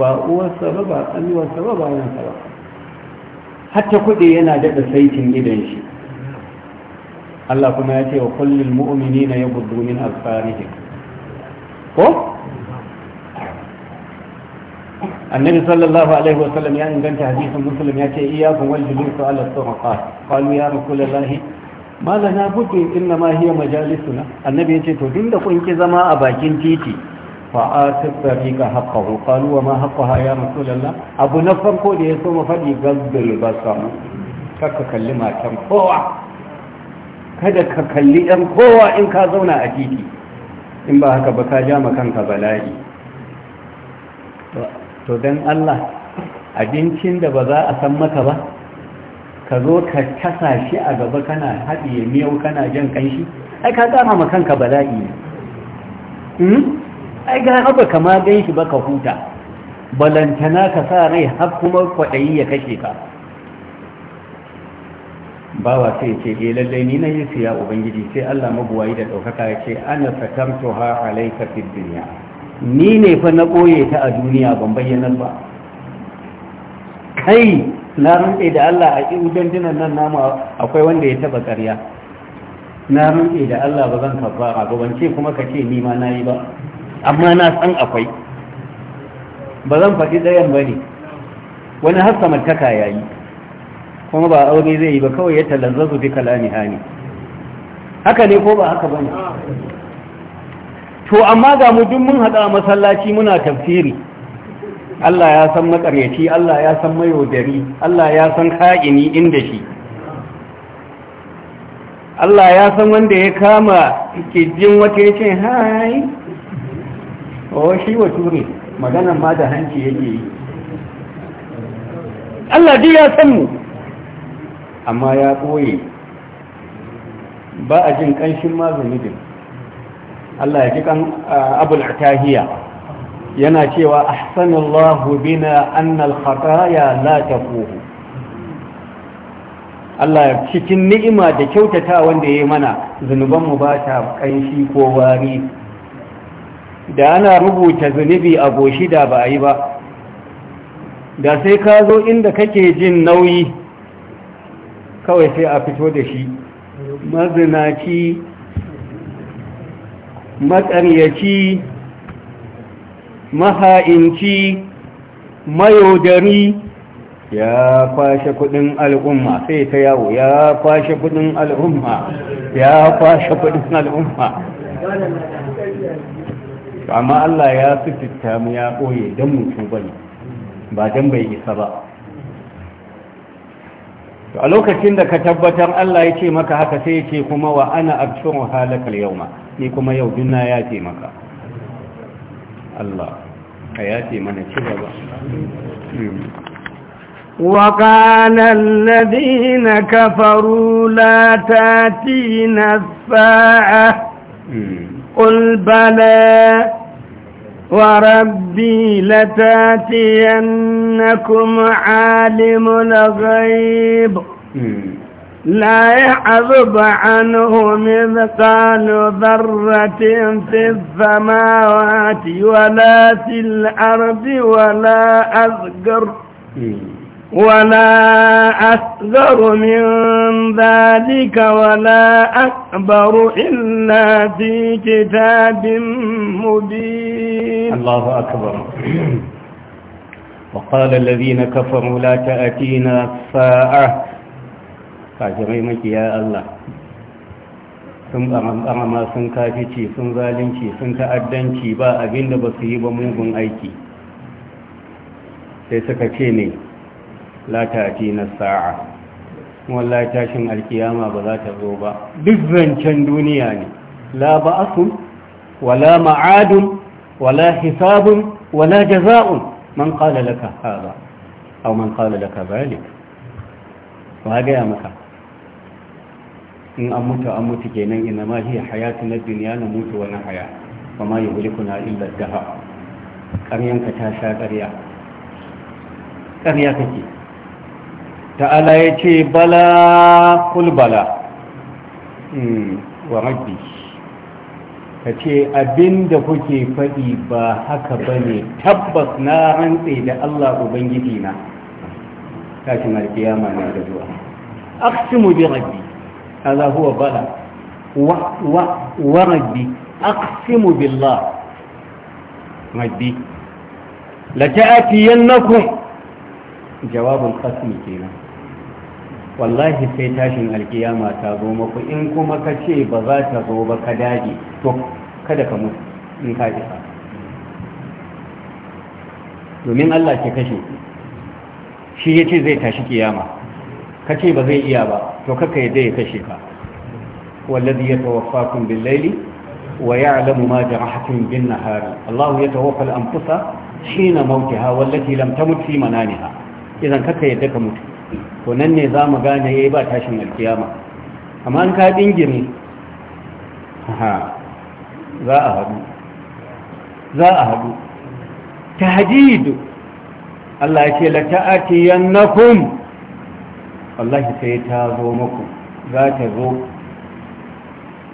S1: ba uwarsa ba ba kanuwarsa ba ba yansa ba hatta kuɗi yana daɗa saitin gidan shi Allah kuma ya ce wa kullum mu'mini na ya gudu min alfarihim ko annabi sallallahu alaihi wasallam ya inganta hadisin muslim ya ce iyyakum wal julusu ala turqat qalu ya rasulullahi ma lana bukin inna ma hiya majalisuna annabi ya ce to duk da kun ki zama a bakin titi a ka fa'atar tsarika haƙahu wa ma haƙaha ya rasulallah abu na farko da ya so mafaɗi gaggare ba samu kakka kalli matan kowa kada ka kalli ɗan kowa in ka zauna a titi in ba haka ba ka ja ma kanka bala'i to don Allah abincin da ba za a san maka ba ka zo ka tasa shi a gaba kana haɗiye miyau kana jan kanshi ai ka tsara ma kanka bala'i ne hmm? ai ga haɓa kama gan shi ba ka huta balantana ka sa rai har kuma kwaɗayi ya kashe ka bawa sai ce eh lallai ni na yi siya ubangiji sai Allah mabuwayi da ɗaukaka ya ce ana sakamtuha alayka fid duniya. ni ne fa na ɓoye ta a duniya ban bayyana ba kai na rantse da Allah a ƙudantunan nan namu akwai wanda ya taɓa ƙarya na rantse da Allah ba zan kafara ba wance kuma ka ce ni ma na yi ba amma na san akwai ba zan faɗi ɗayan ba ne wani har samartaka ya yi kuma ba aure zai yi ba kawai ya talazzazu fi kalani hani haka ne ko ba haka ba ne to amma ga mu duk mun hada masallaci muna tafsiri Allah ya san makaryaci Allah ya san mayodari Allah ya san ka'ini inda shi Allah ya san wanda ya kama kijin wata yake hai o shi wato ne magana ma da hanci yake yi Allah duk ya san mu amma ya ɓoye ba a jin ƙanshin mazumin din. Allah ya kikan uh, abul atahiya yana cewa ahsanallahu bina annal khataya la tafuhu Allah ya cikin ni'ima da kyautata wanda yayi mana zanuban mu ba ta kanshi ko wari da ana rubuta zunubi a goshi da ba yi ba da sai ka zo inda kake jin nauyi kawai sai a fito da shi mazinaci matsaryaci maha'inci
S2: mayodari
S1: ya kwashe kudin al'umma sai ta yawo ya kwashe kudin al'umma
S3: ya kwashe kudin
S1: al'umma amma Allah ya fita mu ya koye don mutum bane ba don bai isa ba a lokacin da ka tabbatar Allah ya ce maka haka sai ya ce kuma wa ana abshuru halakal yau ma ni kuma yau dinna ya ce maka Allah ka ya
S3: ce mana ci gaba
S2: وقال الذين كفروا لا تاتينا الساعة قل بلى وربي لتاتينكم عالم الغيب لا يعذب عنه مثقال ذرة في السماوات ولا في الأرض ولا أذكر ولا أصغر من ذلك ولا أكبر إلا في كتاب مبين
S3: الله أكبر
S1: وقال الذين كفروا لا تأتينا الساعة kafirai makiya Allah sun ɓarama sun kafici sun zalunci sun ta'addanci ba abinda ba su yi ba mugun aiki sai suka ce ne latati na sa'a wallahi tashin alkiyama ba za ta zo ba duk zancen duniya ne la ba'asun wala ma'adun wala hisabun wala jaza'un man qala laka hada aw man qala laka zalik wa ga ya maka in an mutu an mutu kenan ina ma hiya hayatu na duniya na mutu wani haya kuma ya wuri kuna illa daha ƙaryanka ta sha ƙarya ƙarya kake ta'ala ya ce bala kul bala hmm, wa rabbi ka ce abinda kuke faɗi ba haka ba ne tabbas na rantse da allah ubangiji na
S3: tashin alkiyama na da zuwa
S1: aksimu bi rabbi هذا هو بلى و أقسم بالله ربي لتأتينكم جواب القسم كينا wallahi sai tashin alkiyama ta zo maku in kuma ka ce ba za ta zo ba ka to kada ka mutu in ka domin Allah ke kashe shi ya ce zai tashi kiyama ka ce ba zai iya ba to kaka yadda ya kashe ka wallazi yatawaffakum bil layli wa ya'lamu ma jarahtum bin nahar Allah yatawaffa al anfusa hina mautaha wallati lam tamut fi manamiha idan kaka yadda ka mutu to nan ne zamu gane yayi ba tashin alkiyama amma an ka dingime ha za a hadu za a hadu tahdidu Allah ya ce la ta'atiyannakum Allah sai ta zo muku za ta zo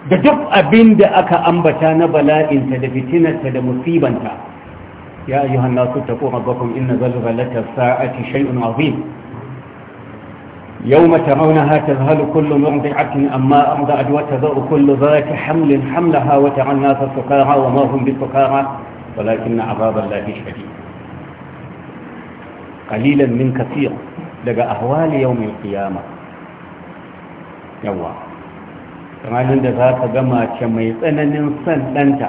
S1: da duk abinda aka ambata na bala'inta da fitinarta da musibanta ya yi hannu su ta koma gwakon ina zalzalata sa'ati shai'un azim yau mata mauna hata zahalu kullum wa mutu akin amma an ga aji wata za'u kullum za ta hamla ha wata an nasa su kara wa mahun bi su kara na ababar lafi shari'a kalilan min kasiya daga ahwali mai qiyama yawa kamalin da za ka gama ce mai tsananin son ɗanta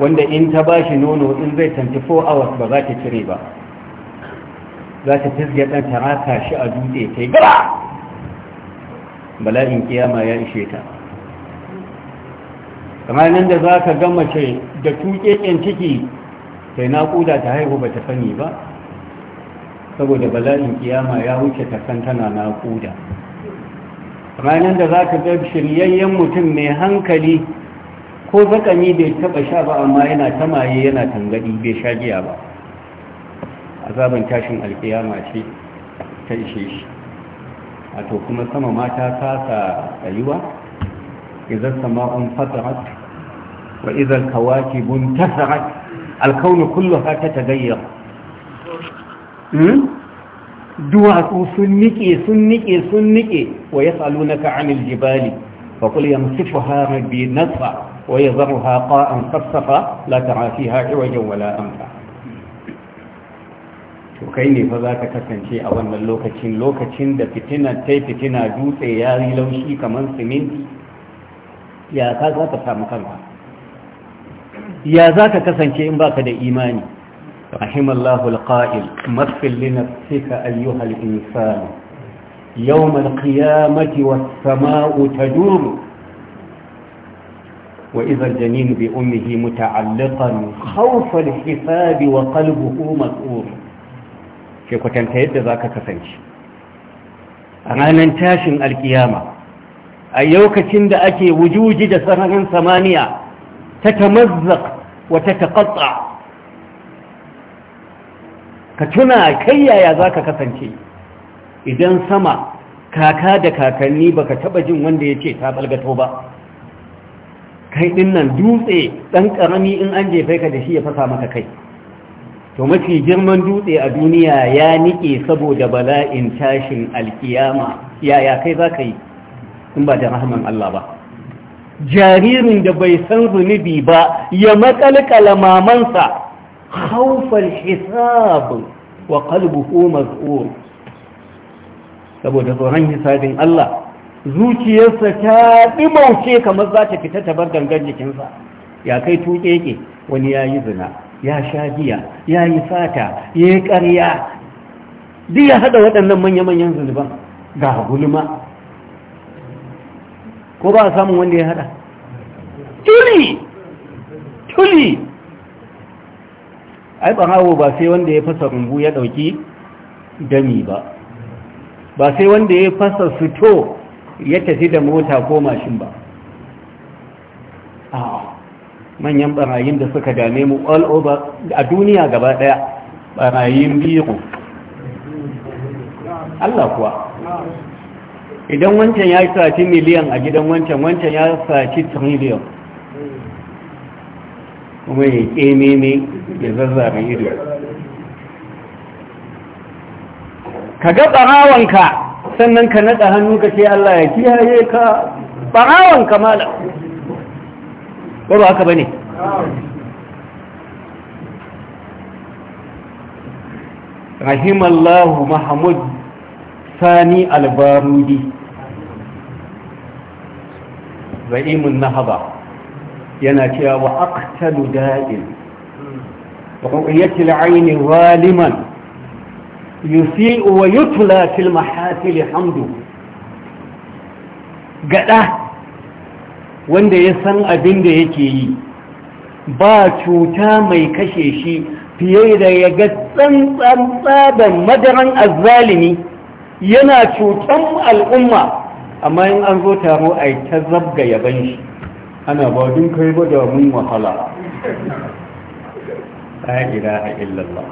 S1: wanda in ta ba shi nono in zai 24 hours ba za ta cire ba za ta fizge ɗanta raka shi a dutse ta gaba bala'in kiyama ya ishe ta kamalin da za ka gama ce da tuƙeƙen ciki sai naƙuda ta haihu ba ta sani ba saboda bala'in kiyama ya wuce ta san tana naƙuda ranar da za ka ga shiryayyen mutum mai hankali ko zakami bai taɓa sha ba amma yana ta maye yana tangadi bai sha giya ba azabin tashin alkiyama ce ta ishe shi a to kuma sama mata kasa tsayuwa idan sama'un fatahat wa idan kawaki bun tasarat alkaunu kullu ha ta tagayyar Hmm? duwatsu sun nike sun nike sun nike wa ya tsalu na ka'anil jibali fa kul yamsifu ha bi nasa wa haƙa an safsafa la tara wa iwajan wala ta to kai ne fa za ka kasance a wannan lokacin lokacin da fitina ta fitina dutse ya yi laushi kamar siminti ya ka za ka samu kanka ya za ka kasance in baka da imani رحم الله القائل مثل لنفسك أيها الإنسان يوم القيامة والسماء تدور وإذا الجنين بأمه متعلقا خوف الحساب وقلبه مسؤول في كتن تيد ذاك تفنش أنا ننتاش القيامة أيوك تند أكي وجود سرعا ثمانية تتمزق وتتقطع ka tuna kai yaya za ka kasance idan sama kaka da kakanni ba ka taba jin wanda ya ce ta balgato ba kai ɗin nan dutse ɗan ƙarami in an jefe ka da shi ya fasa maka kai to mafi girman dutse a duniya ya niƙe saboda bala'in tashin alkiyama yaya kai za ka yi in ba da rahaman Allah ba jaririn da bai san zunubi ba ya makalkala mamansa خوف الحساب وقلبه مذعور saboda tsoron hisabin Allah zuciyarsa ta dimauce kamar za ta fita ta bar gangan jikinsa ya kai tuke ke wani ya yi zina ya sha giya ya yi fata ya yi ƙarya duk ya haɗa waɗannan manya-manyan zunuban ga gulma ko ba a samun wanda ya haɗa tuli tuli ai hawo ba sai wanda ya fasa rumbu ya ɗauki dami ba ba sai wanda ya fasa fito ya tafi da mota ko mashin ba manyan barayin da suka dame mu all over a duniya gaba daya barayin biyu Allah kuwa idan wancan ya saci miliyan a gidan wancan wancan ya saci triliyan kuma ya ne ya zazzabe ido ka ga ɓarawanka sannan ka naɗa hannu ka ce Allah ya kiyaye ka
S2: ɓarawanka mala
S1: ba ba haka ba ne rahimallahu mahamud sani albarudi raimun nahaba yana cewa wa aqtalu da'in wa ru'yatil 'ayni waliman yusi'u wa yutla fil mahatil hamdu gada wanda ya san abin da yake yi ba cuta mai kashe shi fiye da ya ga tsantsan tsaban madaran azzalimi yana cutan al'umma amma in an zo taro a ta zabga yaban shi ana ba din kai mun wahala la ilaha illallah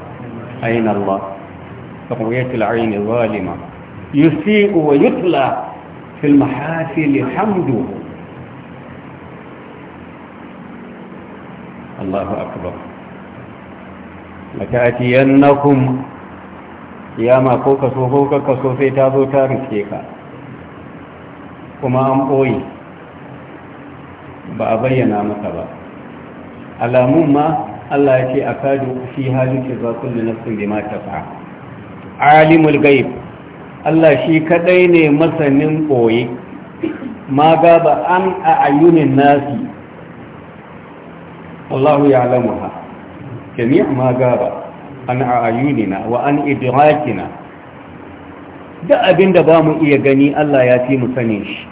S1: ayna allah taqwiyat al-ayn zalima yusiu wa yutla fi al hamdu Allahu akbar lakati yanakum ya ma ko kaso ko kaso sai ta zo ta rike ka kuma an boye ba a bayyana masa ba alamun ma Allah ya ce a kadu fi halittar za kullu nafsin bima tafa alimul gaib Allah shi kadai ne masanin boye ma gaba an a ayyunin nasi Allahu ya alamuha jami' ma gaba an a ayyunina wa an idrakina da abinda ba mu iya gani Allah ya fi mu sanin shi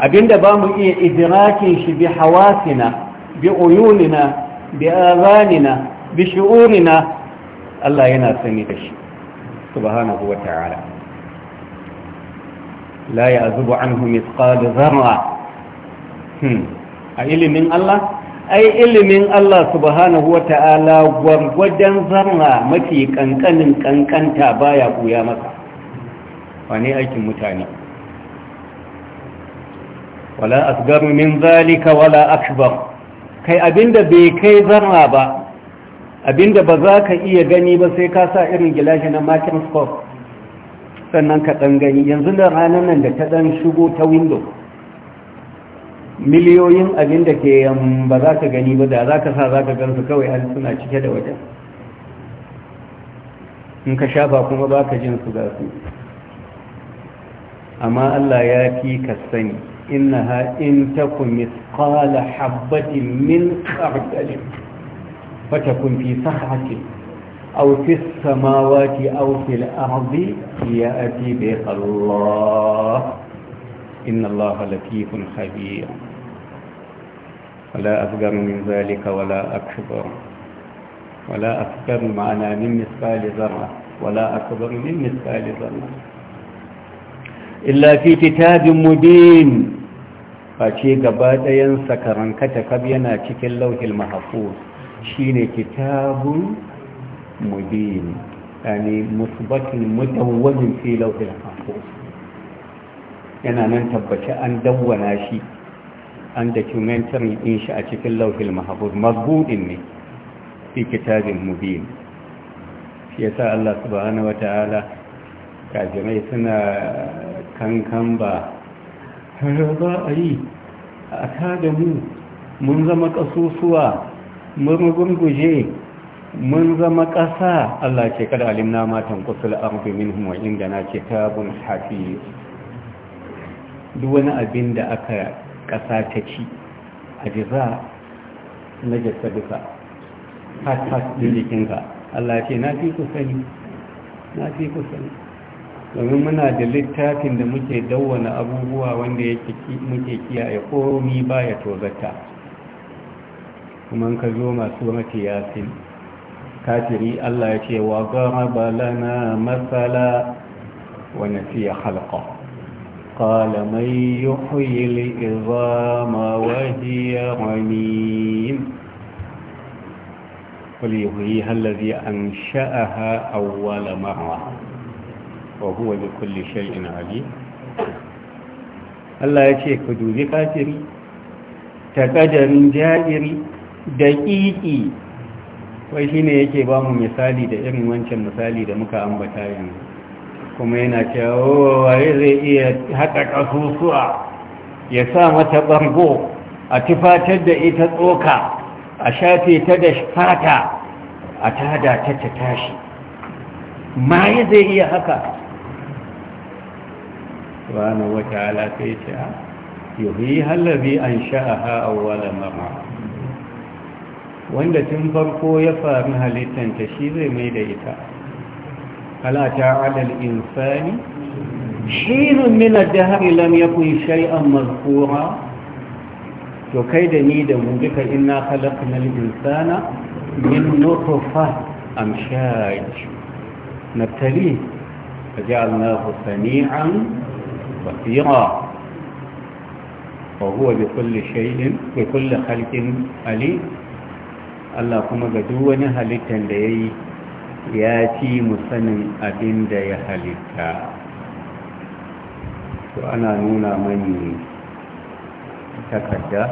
S1: abinda ba mu iya idrakin shi bi hawasina bi uyunina bi azanina bi shu'urina Allah yana sani da shi subhanahu wata'ala la ya'zubu anhu mithqal dharra hmm. a ilimin Allah ai ilimin Allah subhanahu wata'ala gwargwadan zarra mafi kankanin kankanta baya buya masa wane aikin mutane wala asgaru min zalika wala akbar kai abinda bai kai zarra ba abinda ba za ka iya gani ba sai ka sa irin gilashi na microscope sannan ka dan gani yanzu da ranar nan da ta dan shigo ta window miliyoyin abinda ke um, ba za ka gani ba da za ka sa za ka gansu kawai an suna cike da wajen in ka shafa kuma ba ka jin su ga su amma Allah ya fi ka sani إنها إن تكن مثقال حبة من خردل فتكن في صحعة أو في السماوات أو في الأرض يأتي بها الله إن الله لطيف خبير ولا أصغر من ذلك ولا أكبر ولا أكبر معنا من مثقال ذرة ولا أكبر من مثقال ذرة illa fi kitabin mubin face gaba ɗayan sakaranka takab yana cikin lauhil mahafuz shine kitabun mubin yani musbatin mutawwajin fi lauhil mahafuz yana nan tabbaci an dawwana shi an documentary din shi a cikin lauhil mahafuz mazbudin ne fi kitabin mubin shi yasa Allah subhanahu wataala kajirai suna kankan ba har za a yi a ta da mu mun zama ƙasusuwa mun gurguje mun zama ƙasa Allah ce kada alimna matan kusur arzu min wa inda na bun hafiz duk wani abin da aka ƙasa ta ci a jiza na jasa duka
S3: hat-hat jirgin
S1: jikinka Allah ce na fi ku na fi ku domin muna da littafin da muke dawwana abubuwa wanda muke kiyaye komi baya tozata kuma ka zo masu mafi yasin kafiri Allah ya ce wa garaba lana matsala wa nasiya yi qala man yuhyi al-izama wa hiya ramim قل يحييها الذي أنشأها awwala مرة wa huwa bi kulli shay'in alim Allah ya ce ku dubi kafiri takadarin ja'iri daƙiƙi wai shine yake ba mu misali da irin wancan misali da muka ambata yanzu kuma yana cewa oh, waye zai iya haɗa ƙasusuwa ya sa mata ɓargo a tufatar da ita tsoka a shafe ta da fata a tada ta tashi ma zai iya haka سبحانه وتعالى كيف يهيها الذي أنشأها أول مرة وإن تنفرقوا يفارها لتنتشير ميديتا الا تعالى الإنسان حين من الدهر لم يكن شيئا مذكورا وكيد نيدا مجكا إنا خلقنا الإنسان من نطفة أمشاج نبتليه فجعلناه سميعا بصيرا وهو بكل شيء بكل خلق عليم الله كما بدون هلتا لي ياتي مسنن أبين دي هلتا وأنا نونا من تكدا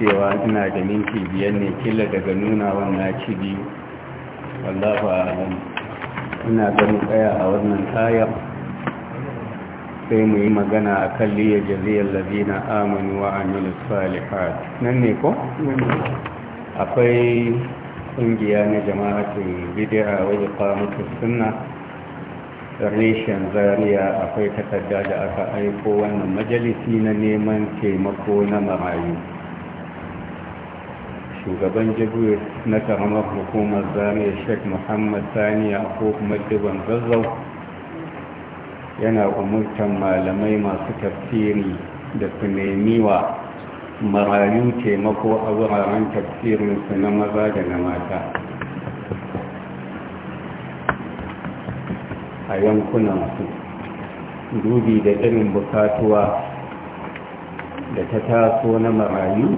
S1: cewa ina da minti biyar ne kila daga nuna wannan ci biyu wallahu ina ganin tsaya a wannan kayan sai mu yi magana a kan liya jaziyar lazina amini wa aminu nan ne ko? akwai kungiya na jama'atin bidiya waje kwamutu suna reshen zariya akwai takarda da aka aiko wannan majalisi na neman taimako na marayu shugaban jibir na karamar hukumar zariya sheik muhammad saniya ko kuma diban zazzau yana umurtan malamai masu tafsiri da su nemi wa marayu taimako a wuraren tafsirinsu na maza da na mata a su dubi da irin bukatuwa da ta taso na marayu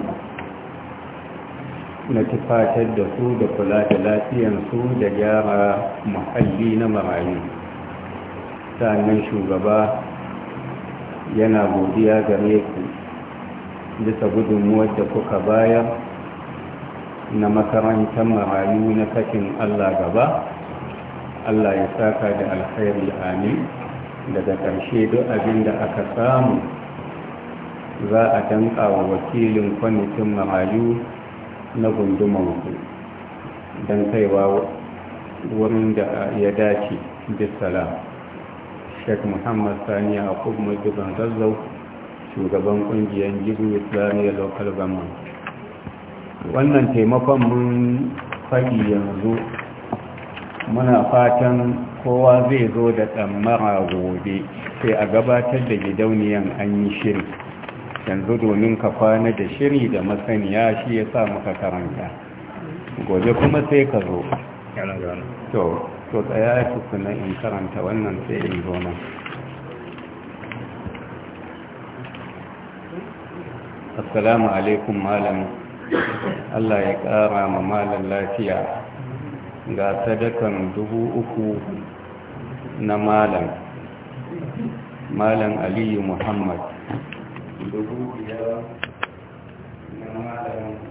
S1: na tufatar da su da kula da lafiyansu da gyara muhalli na marayu sannan shugaba yana godiya gare ku bisa gudunmuwar da kuka bayar na makarantar marayu na kashin allah gaba allah ya saka da alkhairi amin daga ƙarshe duk abin da aka samu za a danka wa wakilin kwamitin marayu na gundumar ku don kaiwa wurin da ya dace bisalam sheikh muhammad sani yakub mai gidan zazzau shugaban kungiyar jibu islamiyya local government wannan taimakon mun faɗi yanzu muna fatan kowa zai zo da tsammara gobe sai a gabatar da gidauniyan an yi shiri yanzu domin ka kwana da shiri da masaniya shi ya sa muka karanta gobe kuma sai ka zo to tsaya ku kuna in karanta wannan sai in zo assalamu alaikum malam Allah ya ƙara ma malam lafiya ga sadakan dubu uku
S3: na malam malam aliyu muhammad dubu biyar na malam